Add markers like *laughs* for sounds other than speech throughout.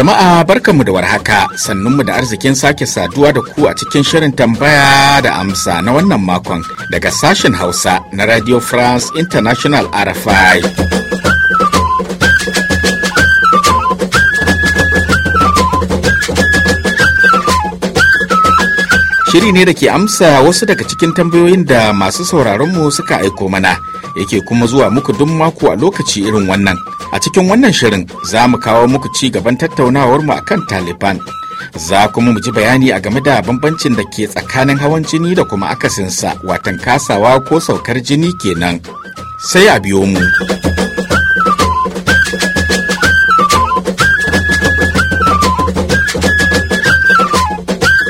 Jama'a barka mu da warhaka mu da arzikin sake saduwa da ku a cikin shirin tambaya da amsa na wannan makon daga sashen Hausa na Radio France International RFI. Shiri ne da ke amsa wasu daga cikin tambayoyin da masu sauraronmu suka aiko mana, yake kuma zuwa muku duk mako a lokaci irin wannan. A cikin wannan shirin za mu kawo muku ci gaban tattaunawarmu a kan Taliban. Za kuma mu ji bayani a game da bambancin da ke tsakanin hawan jini da kuma akasinsa, watan kasawa ko saukar jini kenan. Sai a biyo mu.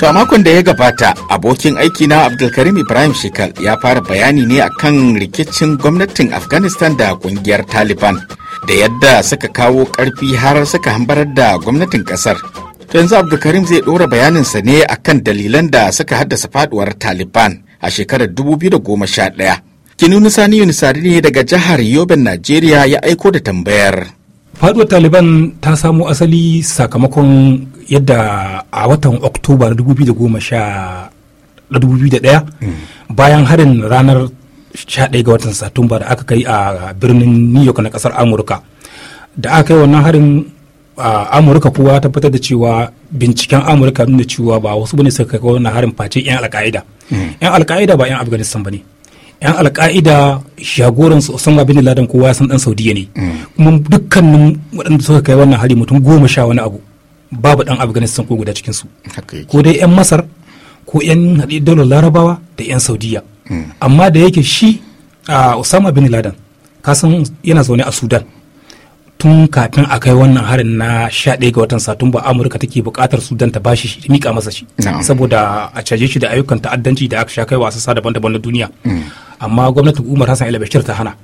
To a makon da ya gabata abokin aiki na Abdulkarim Ibrahim Shekal ya fara bayani ne akan rikicin gwamnatin Afghanistan da kungiyar Taliban da yadda suka kawo karfi har suka hambarar da gwamnatin kasar. To yanzu Abdulkarim zai ɗora bayaninsa ne akan dalilan da suka haddasa faduwar Taliban a shekarar 2011. Kinunu Sani Yunusari ne daga jihar Yoben Najeriya ya aiko da tambayar. Faduwar Taliban ta samo asali sakamakon yadda a watan oktoba na 2011 mm. bayan harin ranar 11 ga watan satumba da aka kai a birnin new york na kasar amurka da aka kai wannan harin amurka kuwa fitar da cewa binciken amurka nuna cewa ba wasu bane suka kai wannan harin face yan alka'ida mm. yan alka'ida ba yan afghanistan bane yan alka'ida shagoran su osama bin laden kowa san dan saudiya ne mm. kuma dukkanin waɗanda suka kai wannan hari mutum goma sha wani abu babu dan afghanistan ko guda cikinsu ko dai 'yan masar ko 'yan haɗe daular larabawa da 'yan saudiya hmm. amma da yake shi a osama bin laden kasan yana zaune a sudan tun kafin a kai wannan harin na 11 ga watan satumba amurka take buƙatar sudan ta bashi shi mika masa shi saboda a caje shi da ayyukan ta'addanci da aka sha kaiwa sassa daban-daban na duniya hmm. amma gwamnatin umar hassan el bashir ta hana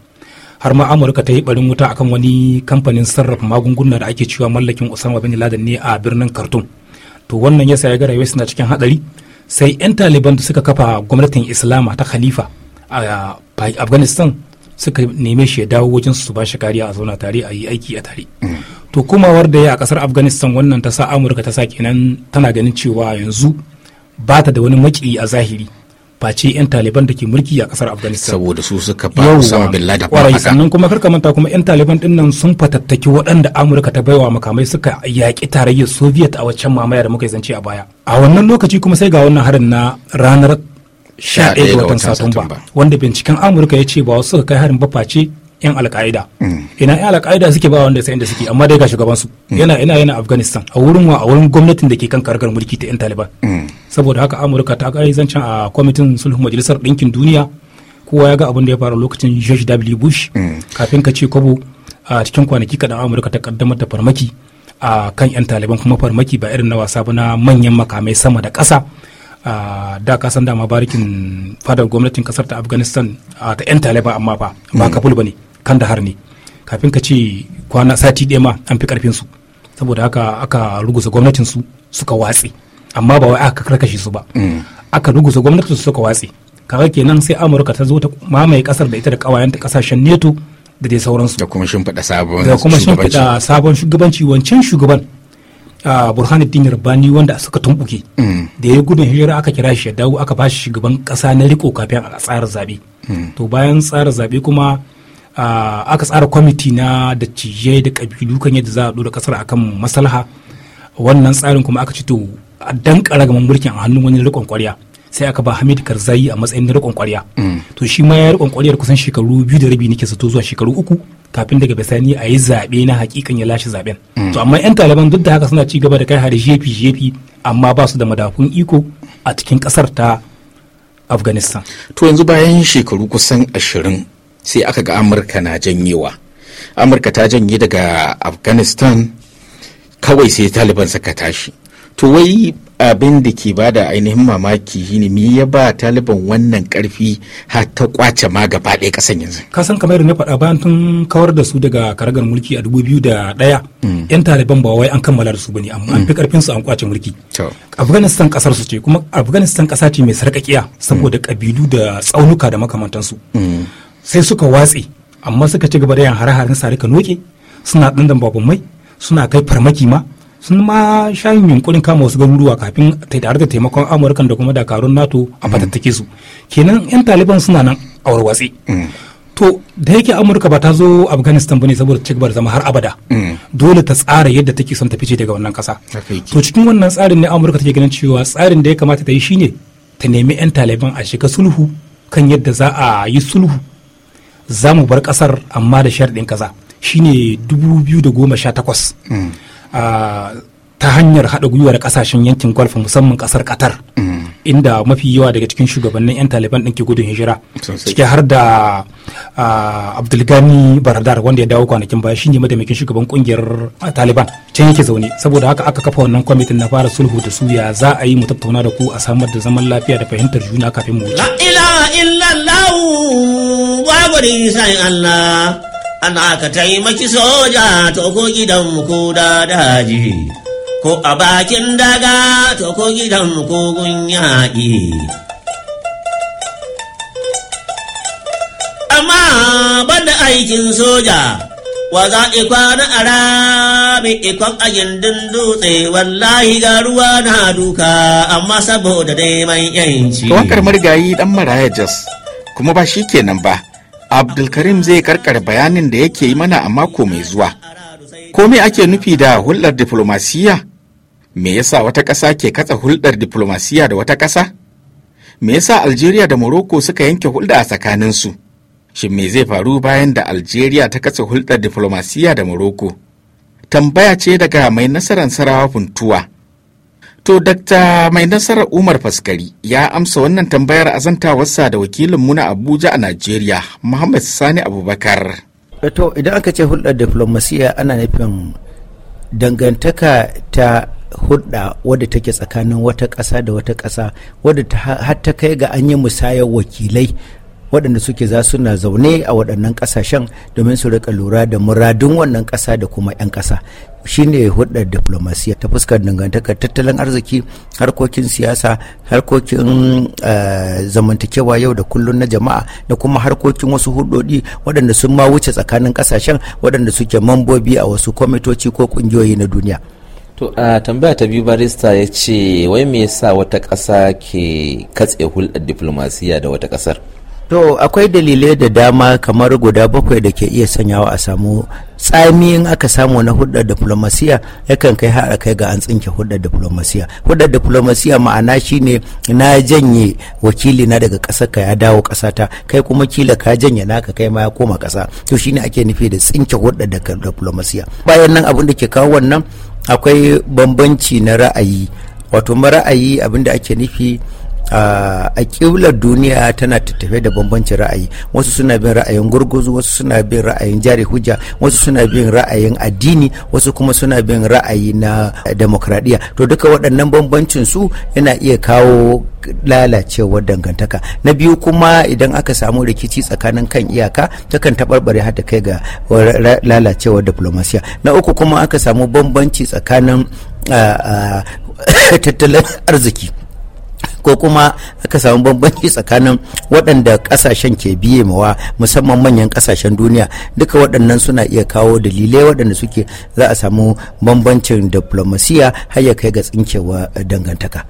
har ma amurka ta yi barin wuta akan wani kamfanin sarrafa magunguna da ake cewa mallakin usama bin laden ne a birnin khartoum to wannan yasa ya ga rayuwar suna cikin hadari sai 'yan taliban da suka kafa gwamnatin islama ta khalifa a afghanistan suka neme shi ya dawo wajen su ba shi kariya a zauna tare a yi aiki a tare to komawar da ya a kasar afghanistan wannan ta sa amurka ta sa kenan tana ganin cewa yanzu ba ta da wani maki a zahiri face yan taliban da ke mulki a kasar afghanistan saboda su suka ba usama bin laden haka sannan kuma karka manta kuma yan taliban din nan sun fatattaki waɗanda amurka ta baiwa makamai suka yaƙi tarayyar soviet a waccan mamaya da muka zance a baya a wannan lokaci kuma sai ga wannan harin na ranar 11 ga watan satumba wanda binciken amurka ya ce ba wasu suka kai harin ba face yan alka'ida mm. ina yan alka'ida suke ba wanda sai da suke amma dai ga shugaban su mm. yana yana yana afghanistan a wurin wa a wurin gwamnatin da ke kan karkar mulki ta yan taliban mm. saboda haka amurka ta kai zancen a kwamitin sulhun majalisar ɗinkin duniya kowa ya ga abin da ya faru lokacin george w bush mm. kafin ka ce kwabo a cikin kwanaki kaɗan amurka ta kaddamar da farmaki a kan 'yan taliban kuma farmaki ba irin na wasa ba na manyan makamai sama da ƙasa da san dama barikin fadar gwamnatin kasar ta afghanistan ta 'yan taliban amma ba ba mm. kabul ba ne kan da har ne kafin ka ce kwana sati ɗaya ma an fi su saboda haka aka ruguza su suka watse amma ba wai aka karkashe su ba mm. aka ruguza gwamnati su suka watse kaga kenan sai amurka ta zo ta mamaye kasar da ita da kawayenta kasashen neto da dai sauransu da kuma shimfiɗa sabon da kuma shimfiɗa sabon shugabanci wancan shugaban burhanuddin rabbani wanda suka tumbuke mm. da ya gudun hijira aka kira shi ya dawo aka bashi shugaban kasa na riko kafin a tsara zabe mm. to bayan tsara zabe kuma aka tsara kwamiti na da dattijai da kabilu kan yadda za a ɗora kasar akan maslaha wannan tsarin kuma aka ci to a dankara gaban mulkin a hannun wani rikon kwarya sai aka ba Hamid Karzayi a matsayin na rikon kwarya mm. to shi ma ya rikon kwaryar kusan shekaru biyu da rabi nake sato zuwa shekaru uku kafin daga bisani a yi zaɓe na hakikan ya lashe zaɓen mm. to amma yan taliban duk da haka suna ci gaba da kai hari jefi jefi amma ba su da madafun iko a cikin ƙasar ta afghanistan to yanzu bayan shekaru kusan ashirin sai aka ga amurka na janyewa amurka ta janye daga afghanistan kawai sai taliban suka tashi to wai abin da ke bada ainihin mamaki shine me ya ba taliban wannan karfi har ta kwace ma gaba ɗaya ƙasan yanzu ka san kamar na faɗa bayan tun kawar da su daga karagar mulki a 2001 da yan hmm. taliban ba wai an kammala da su bane amma an fi karfin hmm. su an kwace mulki afghanistan ƙasar su ce kuma afghanistan kasa ce mai sarkakiya saboda kabilu hmm. da tsaunuka da makamantansu sai suka watse amma suka ci gaba da yin hare-haren sare ka noke suna dandan babban mai suna kai farmaki ma sun ma shayin yunkurin kama wasu garuruwa kafin tare da taimakon amurka da kuma dakarun nato a fatattake su kenan yan taliban suna nan a warwatse to da yake amurka ba ta zo afghanistan bane saboda ci gaba da zama har abada dole ta tsara yadda take son ta fice daga wannan kasa to cikin wannan tsarin ne amurka take ganin cewa tsarin da ya kamata ta yi shine ta nemi yan taliban a shiga sulhu kan yadda za a yi sulhu za mu bar kasar amma da sharɗin kaza shine 2018 ta hanyar haɗa gwiwa da ƙasashen yankin golf musamman ƙasar qatar mm. inda mafi yawa daga cikin shugabannin 'yan taliban ɗin ke gudun hijira ciki har da abdulgani baradar wanda ya dawo kwanakin baya shine mataimakin shugaban kungiyar taliban can yake zaune saboda haka aka kafa wannan kwamitin na fara sulhu da suya ya za a yi mu tattauna da ku a samar da zaman lafiya da fahimtar juna kafin mu wuce. la ilaha ana ka taimaki soja to ko gidan ko da daji ko a bakin daga to ko gidan ko yaƙi amma banda aikin soja wa za a kwana a rami ikon a gindin dutse wallahi ga ruwa na duka amma saboda neman yanci. kawakar marigayi dan maraya Jos kuma ba shi kenan ba. abdulkarim zai karkar bayanin da yake yi mana a mako mai zuwa ko ake nufi da hulɗar diflomasiyya me yasa wata ƙasa ke katsa hulɗar diflomasiyya da wata ƙasa me yasa algeria da morocco suka yanke hulɗa a tsakaninsu shin me zai faru bayan da algeria ta katsa hulɗar diflomasiyya da morocco tambaya ce daga mai nasarar sarawa funtuwa To, Dr. Mai Nasarar Umar Faskari ya amsa wannan tambayar azantawarsa da wakilin muna Abuja a Najeriya, Muhammad Sani Abubakar. To, idan aka ce hulɗar diplomasiya ana nufin dangantaka ta hulɗa wadda take tsakanin wata ƙasa da wata ƙasa wadda har ta kai ga an yi musayar wakilai waɗanda suke za na zaune a waɗannan ƙasashen domin su rika lura da muradun wannan ƙasa da kuma 'yan ƙasa shine hulɗar diplomasiya ta fuskar dangantaka tattalin arziki harkokin siyasa harkokin eh, zamantakewa yau da kullun na jama'a da kuma harkokin wasu hudodi waɗanda sun ma wuce tsakanin ƙasashen waɗanda suke mambobi a wasu kwamitoci ko ƙungiyoyi na duniya to a tambaya ta biyu barista ya ce wai me yasa wata ƙasa ke katse hulɗar diplomasiya da wata ƙasar To akwai dalilai da dama kamar guda bakwai da ke iya sanyawa a samu tsami in aka samu na hudar diplomasiya yakan kai har kai ga an tsinke hudar diplomasiya. Hudar diplomasiya ma'ana shine na janye wakili na daga ƙasar ka ya dawo ƙasata kai kuma kila ka janye naka kai ma ya koma kasa To shine ake nufi da tsinke hudar da diplomasiya. Bayan nan abin da ke kawo wannan akwai bambanci na ra'ayi wato ra'ayi abin da ake nufi a ƙiblar duniya tana tattafe da bambancin ra'ayi wasu suna bin ra'ayin gurguzu wasu suna bin ra'ayin jari hujja wasu suna bin ra'ayin addini wasu kuma suna bin ra'ayi na demokradiyya to duka waɗannan bambancin su yana iya kawo lalacewar dangantaka na biyu kuma idan aka samu rikici tsakanin kan iyaka takan taɓarɓare har ta kai ga lalacewar diplomasiya na uku kuma aka samu bambanci tsakanin *coughs* tattalin arziki ko kuma aka samu bambanci tsakanin waɗanda ƙasashen ke biye mawa musamman manyan ƙasashen duniya duka waɗannan suna iya kawo dalilai waɗanda suke za a samu bambancin diplomasiya har ya kai ga tsinkewa dangantaka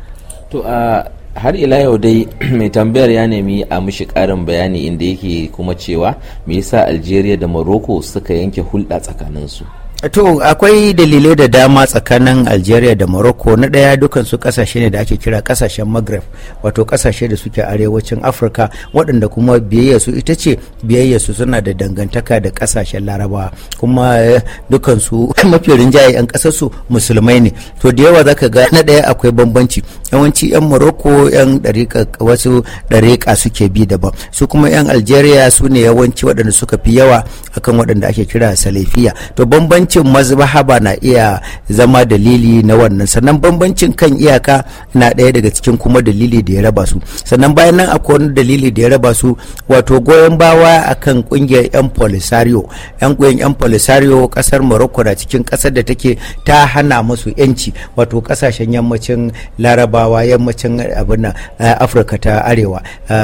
to a har ila yau dai *clears throat* mai tambayar ya nemi a mishi ƙarin bayani inda yake kuma cewa me yasa algeria da morocco suka yanke hulɗa tsakanin su. to akwai dalilai da dama tsakanin algeria da morocco na ɗaya dukansu kasashe ne da ake kira kasashen maghreb wato kasashe da suke arewacin afirka waɗanda kuma biyayya su ita ce biyayya suna da dangantaka da kasashen larabawa kuma eh, dukansu *laughs* mafi rinjaye 'yan kasarsu musulmai ne to da yawa zaka ga na ɗaya akwai bambanci yawanci 'yan morocco 'yan ɗariƙa wasu ɗariƙa suke bi daban su kuma 'yan algeria su ne yawanci waɗanda suka fi yawa akan waɗanda ake kira salafiya to bambanci bambancin ba na iya zama dalili na wannan sannan bambancin kan iyaka na ɗaya daga cikin kuma dalili da ya raba su sannan bayan nan akwai wani dalili da ya raba su wato goyon bawa akan ƙungiyar yan polisario yan goyon yan polisario kasar morocco na cikin kasar da take ta hana musu yanci wato kasashen yammacin larabawa yammacin abin eh, afirka ta arewa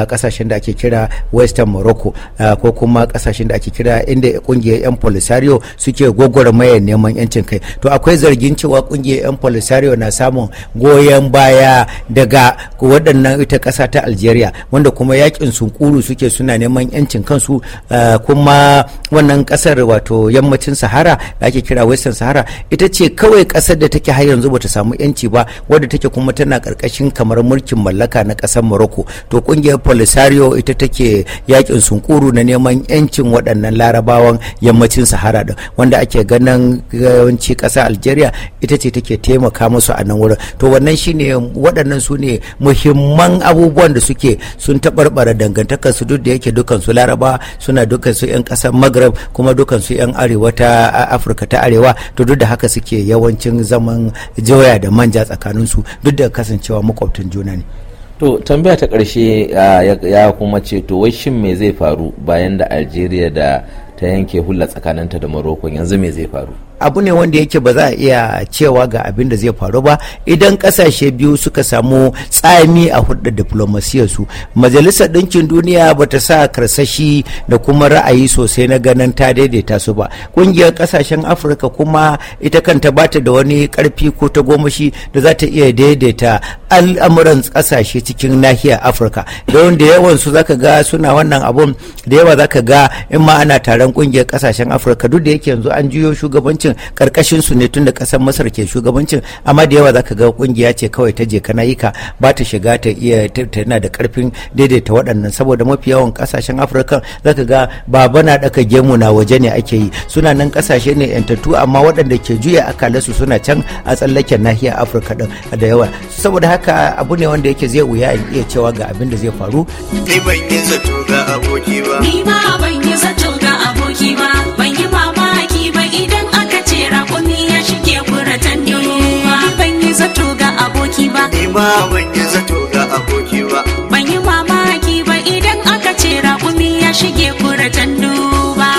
kasashen eh, da ake kira western morocco eh, ko kuma kasashen da ake kira inda ƙungiyar yan polisario suke gogora mayar neman yancin kai to akwai zargin cewa kungiyar yan polisario na samun goyon baya daga waɗannan ita ƙasa ta algeria wanda kuma yakin sunkuru suke suna neman yancin kansu eh, kuma wannan ƙasar wato yammacin sahara da ake kira western sahara ita ce kawai ƙasar da take har yanzu bata samu yanci ba wadda take kuma tana ƙarƙashin kamar mulkin mallaka na ƙasar morocco to kungiyar polisario ita take yakin sunkuru na neman yancin waɗannan larabawan yammacin sahara wanda ake ganin nan yawanci ƙasa algeria ita ce take taimaka musu a nan wurin to wannan shine waɗannan su ne muhimman abubuwan da suke sun taɓarɓara dangantakar su duk da yake dukan su larabawa suna dukan su 'yan ƙasar maghreb kuma dukan su 'yan arewa ta afirka ta arewa to duk da haka suke yawancin zaman joya da manja tsakanin su duk da kasancewa makwabtan juna ne to tambaya ta ƙarshe ya kuma ce to wai shin me zai faru bayan da algeria da ta yanke hula tsakaninta da Morocco yanzu me zai faru abu ne wanda yake ba za a iya cewa ga abin da zai faru ba idan kasashe biyu suka samu tsami a hulɗar diplomasiyar su majalisar ɗinkin duniya ba ta sa karsashi da kuma ra'ayi sosai na ganin ta daidaita su ba ƙungiyar kasashen afirka kuma ita kanta ba ta da wani karfi ko ta gomashi da za ta iya daidaita al'amuran kasashe cikin nahiyar afirka da da yawan su zaka ga suna wannan abun da yawa zaka ga in ma ana taron ƙungiyar kasashen afirka duk da yake yanzu an juyo shugabancin shugabancin karkashin su ne tun da kasar masar ke shugabancin amma da yawa zaka ga kungiya ce kawai ta je kana yi ka ba ta shiga ta iya tana da karfin daidaita waɗannan saboda mafi yawan kasashen afirka zaka ga baba na daka gemu na waje ne ake yi suna nan kasashe ne yantattu amma waɗanda ke juya akalansu suna can a tsallaken nahiyar afirka din da yawa saboda haka abu ne wanda yake zai wuya in iya cewa ga abin da zai faru ni ban yi zato ga aboki ba ni ma ban yi zato mamaki ba ni ma ban yi zato ga aboki ba ban yi mamaki ba idan aka ce raƙumi ya shige kuratan duba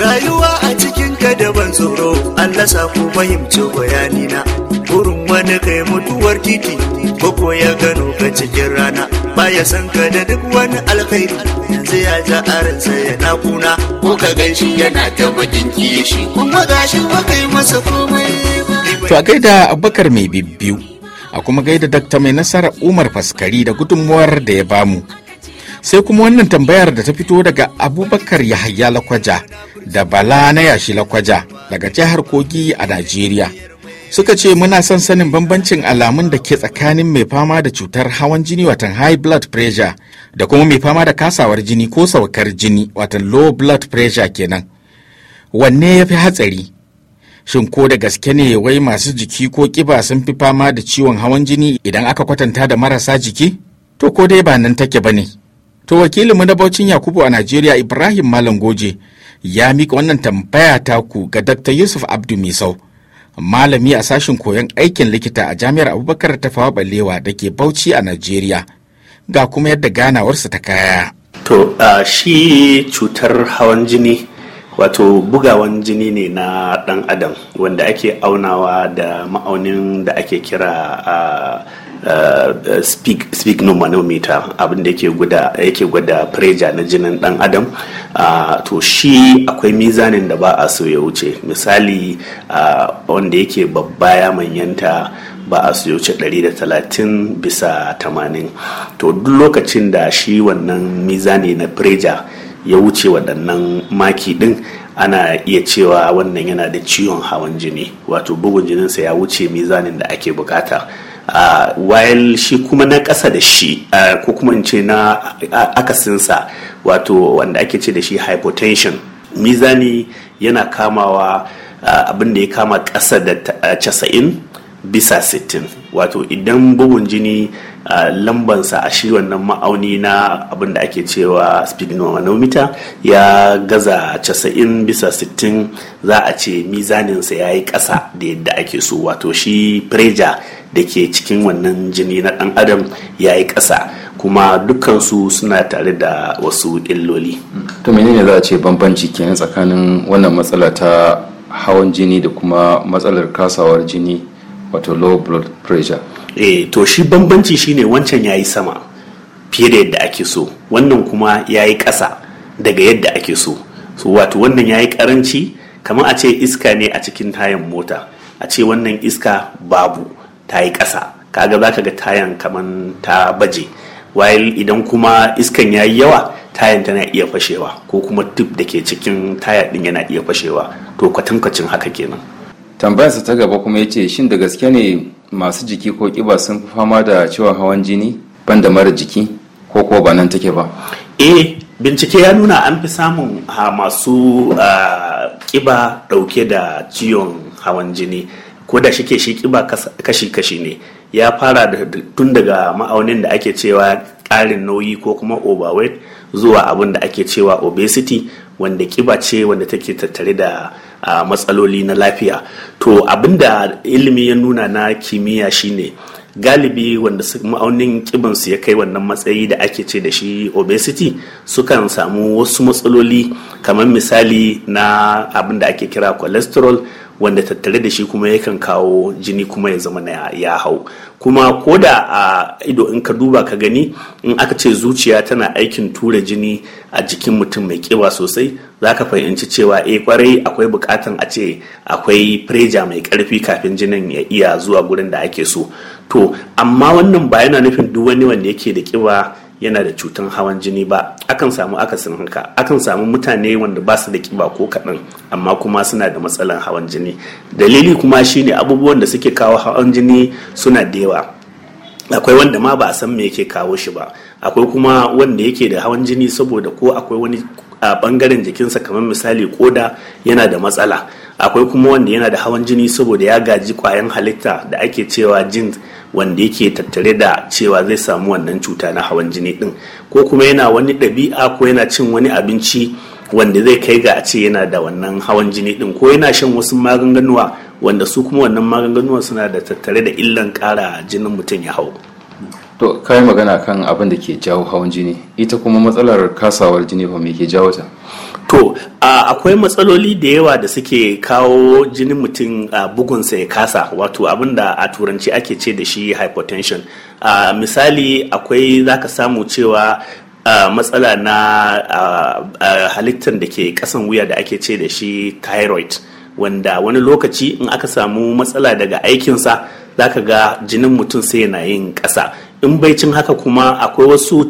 rayuwa a cikin ka ban tsoro Allah sa ku fahimci bayanina gurin wani kai mutuwar titi ko ya gano ka cikin rana baya san ka da duk wani alkhairi yanzu ya ja ya yana kuna ko ka ganshi yana ta bakin shi kuma gashi ba kai masa komai to a gaida abubakar mai bibbiyu a kuma gaida dakta mai nasara umar faskari da gudunmuwar da ya bamu sai kuma wannan tambayar da ta fito daga abubakar yahaya lakwaja da bala na yashi lakwaja daga jihar kogi a najeriya suka ce muna son sanin bambancin alamun da ke tsakanin mai fama da cutar hawan jini watan high blood pressure da kuma mai fama da kasawar jini ko saukar jini watan low blood pressure kenan wanne ya fi hatsari shin ko da gaske ne wai masu jiki ko kiba sun fi fama da ciwon hawan jini idan aka kwatanta da marasa jiki to ko dai ba nan take ba ne to wakilinmu na baucin yakubu a najeriya ibrahim malam goje ya miƙa wannan tambaya taku ga dr yusuf abdu misau malami a sashen koyon aikin likita a jami'ar abubakar fawa balewa da ke bauchi a najeriya ga kuma yadda ganawarsa ta kaya to a shi cutar hawan jini wato bugawan jini ne na dan adam wanda ake aunawa da ma'aunin da ake kira uh, Uh, speak speak no manometer abin da yake gwada preja na jinin dan adam uh, to shi akwai mizanin da ba a so ya wuce misali uh, wanda yake babba ya manyanta ba a ya wuce 130 bisa 80 to duk lokacin da shi wannan mizani na preja ya wuce waɗannan maki ɗin ana iya cewa wannan yana da ciwon hawan jini wato bugun jininsa ya wuce mizanin da ake bukata Ah, while shi kuma na ƙasa da shi ah, ko kuma in ce na ah, akasinsa wato wanda ake ce da shi hypotension mizani yana kamawa abin da ya kama ƙasa da casa'in bisa sittin wato idan bugun jini lambansa a shi wannan ma'auni na abin da ake cewa speedometer ya gaza 90 bisa 60 za a ce mizaninsa ya yi ƙasa da yadda ake so wato shi preja da ke cikin wannan jini na ɗan adam ya yi ƙasa kuma dukansu suna tare da wasu illoli. to menene za a ce bambanci kenan tsakanin wannan matsala ta hawan jini da kuma matsalar kasawar jini wato low blood pressure eh to shi bambanci shine wancan yayi sama fiye da yadda ake so wannan kuma yayi ƙasa daga yadda ake so so wato wannan yayi ƙaranci kamar a ce iska ne a cikin tayan mota a ce wannan iska babu ta yi ƙasa kaga za ka ga tayan kamar ta baje while idan kuma iskan ya yi yawa tayan tana iya fashewa ko kuma tip da ke cikin taya din yana iya fashewa to kwatankwacin haka kenan tambayarsa ta gaba kuma ya ce shin da gaske ne masu jiki ko kiba sun fi fama da ciwon hawan jini banda mara jiki ko ko ba nan take ba eh bincike ya nuna an fi samun ah, masu ah, kiba dauke da ciwon hawan jini ko da shike shi kiba kashi-kashi ne ya fara tun daga ma'aunin da ake cewa ƙarin nauyi ko kuma overweight zuwa abin da ake cewa obesity wanda kiba ce wanda take tattare da matsaloli na lafiya to abinda ilimi ya nuna na kimiyya shine galibi wanda ma'aunin kibinsu ya kai wannan matsayi da ake ce da shi obesity sukan samu wasu matsaloli kamar misali na abin da ake kira cholesterol wanda tattare da shi kuma yakan kawo jini kuma ya zama ya hau kuma ko da a ido in ka duba ka gani in aka ce zuciya tana aikin tura jini a jikin mutum mai kiba sosai za ka fahimci cewa eh kwarai akwai bukatan a ce akwai preja mai karfi kafin jinin ya iya zuwa gurin da ake so to amma wannan ba yana nufin duk wani wanda yake da kiba yana da cutan hawan jini ba akan samu akasin haka akan samu mutane wanda ba su da kiba ko kaɗan amma kuma suna da matsalan hawan jini dalili kuma shine abubuwan da suke kawo hawan jini suna da yawa akwai wanda ma ba a san me yake kawo shi ba akwai kuma wanda yake da hawan jini saboda ko akwai wani a bangaren jikinsa kamar misali koda yana da matsala akwai kuma wanda yana da hawan jini saboda ya gaji kwayan halitta da ake cewa jins. wanda yake tattare da cewa zai samu wannan cuta na hawan jini din ko kuma yana wani ɗabi'a ko yana cin wani abinci wanda zai kai ga a ce yana da wannan hawan jini din ko yana shan wasu maganganuwa wanda su kuma wannan maganganuwa suna da tattare da illan ƙara jinin mutum ya hau to kai magana kan abin da ke jawo hawan jini ita kuma matsalar kasawar jini ba me ke jawo ta to akwai matsaloli da yawa da suke kawo jinin mutum bugunsa ya kasa wato abin da a turanci ake ce da shi hypotension misali akwai zaka samu cewa matsala na halittar da ke kasan wuya da ake ce da shi thyroid wanda wani lokaci in aka samu matsala daga aikinsa zaka ga jinin mutum sai yana yin ƙasa in cin haka kuma akwai wasu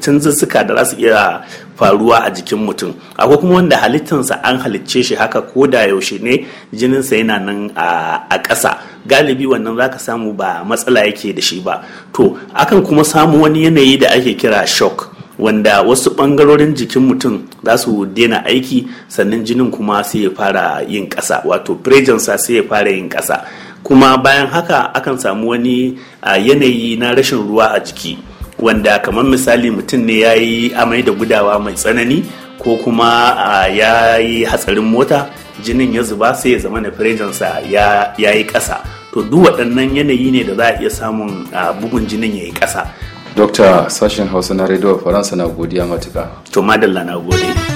canzuzzuka da za su iya faruwa a jikin mutum akwai kuma wanda halittansa an halicce shi haka ko da yaushe ne jininsa yana nan a ƙasa galibi wannan za ka samu ba matsala yake da shi ba to akan kuma samu wani yanayi da ake kira shock wanda wasu ɓangarorin jikin mutum za su daina aiki sannan jinin kuma sai ya fara yin ƙasa wato prejansa sai ya fara yin ƙasa kuma bayan haka akan samu wani a yanayi na rashin ruwa a jiki wanda kamar misali mutum ne ya yi amai da gudawa mai tsanani ko kuma ya yi hatsarin mota jinin ya zuba sai ya zama na firejansa ya yi ƙasa to duk waɗannan yanayi ne da za a iya samun bugun jinin ya yi ƙasa. Dokta sashen Hausa na Radio Faransa na godiya matuka. To madalla na gode.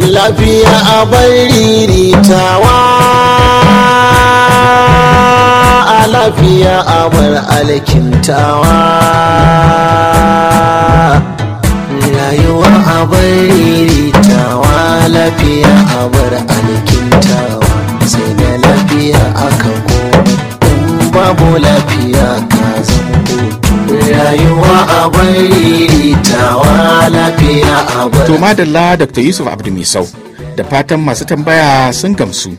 lafiya a bari a lafiya a bar alkintawa rayuwa a bari lafiya a bar alkintawa sai da lafiya aka ko in babu lafiya ka rayuwa a tawa lafiya a to madalla dr yusuf misau da fatan masu tambaya sun gamsu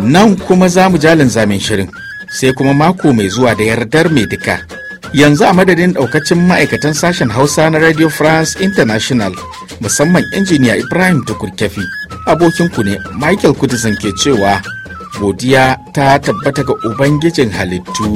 nan kuma za mu jalin zamin shirin sai kuma mako mai zuwa da yardar mai duka yanzu a madadin daukacin ma'aikatan sashen hausa na radio france international musamman injiniya ibrahim tukurkefi abokinku ne michael kudisin ke cewa godiya ta tabbata ga ubangijin halittu